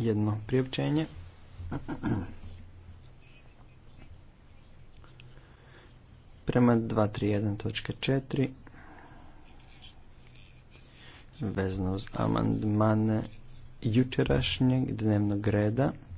jedno priopćenje. Prema 231.4 vezno uz amandmane jučerašnjeg dnevnog reda